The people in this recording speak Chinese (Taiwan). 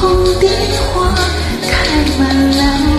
紅的花開滿了。